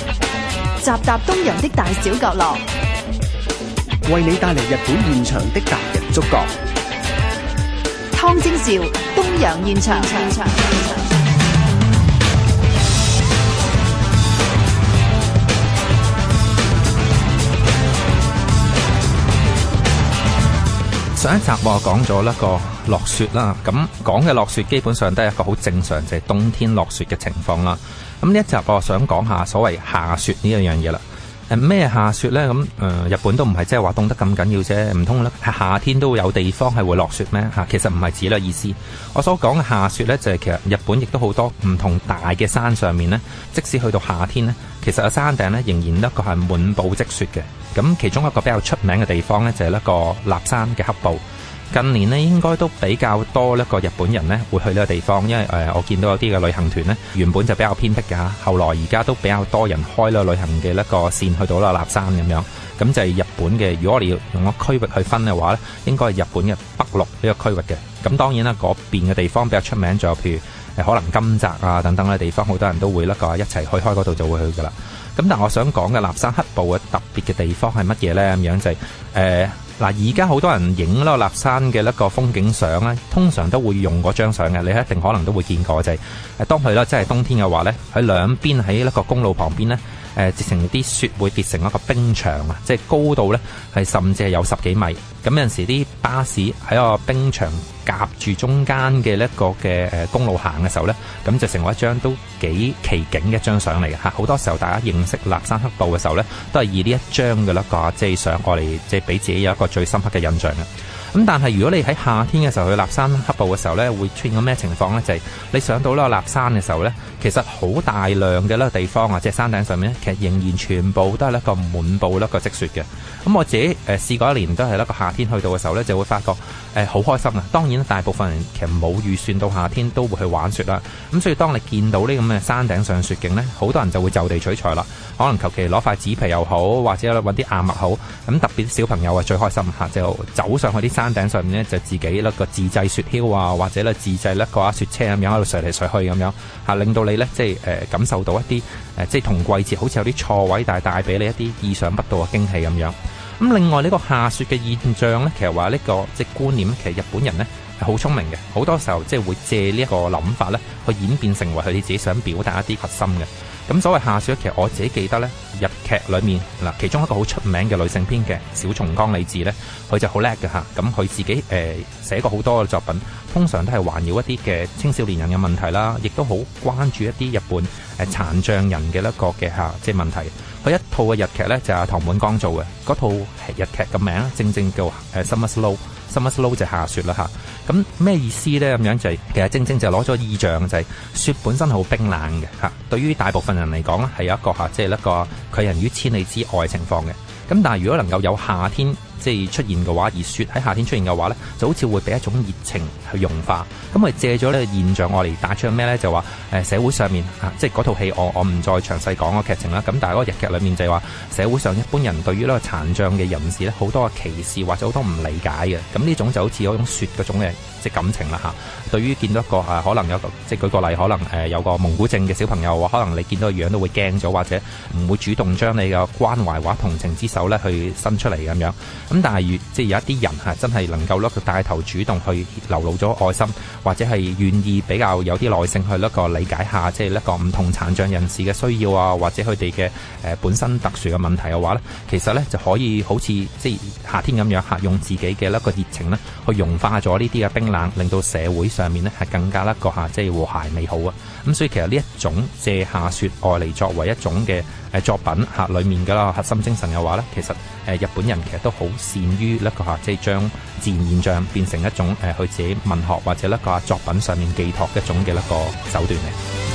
集集東洋的大小角落，為你帶嚟日本現場的達人觸覺。湯禎兆，東洋現場。現場現場現場上一集我講咗一個落雪啦，咁講嘅落雪基本上都係一個好正常，就係冬天落雪嘅情況啦。咁呢一集我想講下所謂夏雪呢一樣嘢啦。咩夏雪呢？咁、呃、誒日本都唔係即係話凍得咁緊要啫，唔通咧夏天都有地方係會落雪咩？嚇，其實唔係只啦意思。我所講嘅夏雪呢，就係、是、其實日本亦都好多唔同大嘅山上面呢。即使去到夏天呢，其實個山頂呢仍然得個係滿布積雪嘅。咁其中一個比較出名嘅地方呢，就係、是、一個立山嘅黑部。近年咧，應該都比較多一個日本人咧，會去呢個地方，因為誒、呃，我見到有啲嘅旅行團咧，原本就比較偏僻㗎，後來而家都比較多人開咧旅行嘅一個線去到啦立山咁樣，咁就係日本嘅。如果你要用個區域去分嘅話咧，應該係日本嘅北陸呢個區域嘅。咁當然啦，嗰邊嘅地方比較出名，仲有譬如、呃、可能金澤啊等等嘅地方，好多人都會咧個一齊去開嗰度就會去㗎啦。咁但我想講嘅立山黑部嘅特別嘅地方係乜嘢呢？咁樣就係、是、誒。呃嗱，而家好多人影嗰立山嘅一個風景相咧，通常都會用嗰張相嘅，你一定可能都會見過就係。誒，當佢咧即係冬天嘅話咧，喺兩邊喺一個公路旁邊咧。誒，結、呃、成啲雪會跌成一個冰牆啊！即係高度呢，係甚至係有十幾米。咁有陣時啲巴士喺個冰牆夾住中間嘅一個嘅誒公路行嘅時候呢，咁就成為一張都幾奇景嘅一張相嚟嘅嚇。好多時候大家認識立山黑部嘅時候呢，都係以呢一張嘅一個即係相過嚟，即係俾自己有一個最深刻嘅印象嘅。咁但係如果你喺夏天嘅時候去立山黑部嘅時候呢，會出現個咩情況呢？就係、是、你上到呢個立山嘅時候呢，其實好大量嘅呢個地方或者山頂上面呢，其實仍然全部都係一個滿布呢個積雪嘅。咁我自己誒、呃、試過一年都係呢個夏天去到嘅時候呢，就會發覺誒好、呃、開心啊！當然大部分人其實冇預算到夏天都會去玩雪啦。咁所以當你見到呢咁嘅山頂上雪景呢，好多人就會就地取材啦。可能求其攞塊紙皮又好，或者揾啲硬物好。咁特別小朋友啊最開心嚇，就走上去啲山山頂上面咧就自己咧個自製雪橇啊，或者咧自製咧個雪車咁樣喺度嚟嚟去去咁樣，吓令到你咧即係誒、呃、感受到一啲誒、呃、即係同季節好似有啲錯位，但係帶俾你一啲意想不到嘅驚喜咁樣。咁另外呢、這個下雪嘅現象咧，其實話呢、這個即係觀念，其實日本人咧係好聰明嘅，好多時候即係會借呢一個諗法咧去演變成為佢哋自己想表達一啲核心嘅。咁所謂下雪，其實我自己記得咧。日劇裏面嗱，其中一個好出名嘅女性編劇小松江理子呢，佢就好叻嘅嚇。咁佢自己誒、呃、寫過好多嘅作品，通常都係環繞一啲嘅青少年人嘅問題啦，亦都好關注一啲日本誒殘障人嘅一個嘅嚇，即係問題。佢一套嘅日劇呢，就係堂本剛做嘅，嗰套日劇嘅名正正叫誒《Summer Snow》，《Summer Snow》就下雪啦嚇。咁咩意思呢？咁樣就係、是、其實正正就攞咗意象，就係、是、雪本身好冰冷嘅嚇。對於大部分人嚟講咧，係有一個嚇，即係一個。佢人於千里之外情況嘅，咁但係如果能夠有夏天即係出現嘅話，而雪喺夏天出現嘅話呢，就好似會俾一種熱情去融化。咁佢借咗呢個現象，我嚟打出咩呢？就話誒、呃、社會上面、啊、即係嗰套戲，我我唔再詳細講個劇情啦。咁但係嗰日劇裡面就係話，社會上一般人對於呢個殘障嘅人士呢，好多嘅歧視或者好多唔理解嘅。咁呢種就好似嗰種雪嗰種嘅。即感情啦吓、啊，對於見到一個誒、啊，可能有即舉個例，可能誒、呃、有個蒙古症嘅小朋友，或可能你見到個樣都會驚咗，或者唔會主動將你嘅關懷或同情之手咧去伸出嚟咁樣，咁但係即係有一啲人嚇、啊，真係能夠甩佢帶頭主動去流露咗愛心，或者係願意比較有啲耐性去甩個理解下，即係一個唔同殘障人士嘅需要啊，或者佢哋嘅誒本身特殊嘅問題嘅話咧，其實咧就可以好似即係夏天咁樣吓、啊、用自己嘅一個熱情咧去融化咗呢啲嘅冰。令到社會上面咧係更加咧個下即係和諧美好啊！咁所以其實呢一種借夏雪愛嚟作為一種嘅誒作品嚇裡面嘅啦核心精神嘅話咧，其實誒日本人其實都好善於咧個下即係將自然現象變成一種誒佢自己文學或者咧個下作品上面寄託一種嘅一個手段嘅。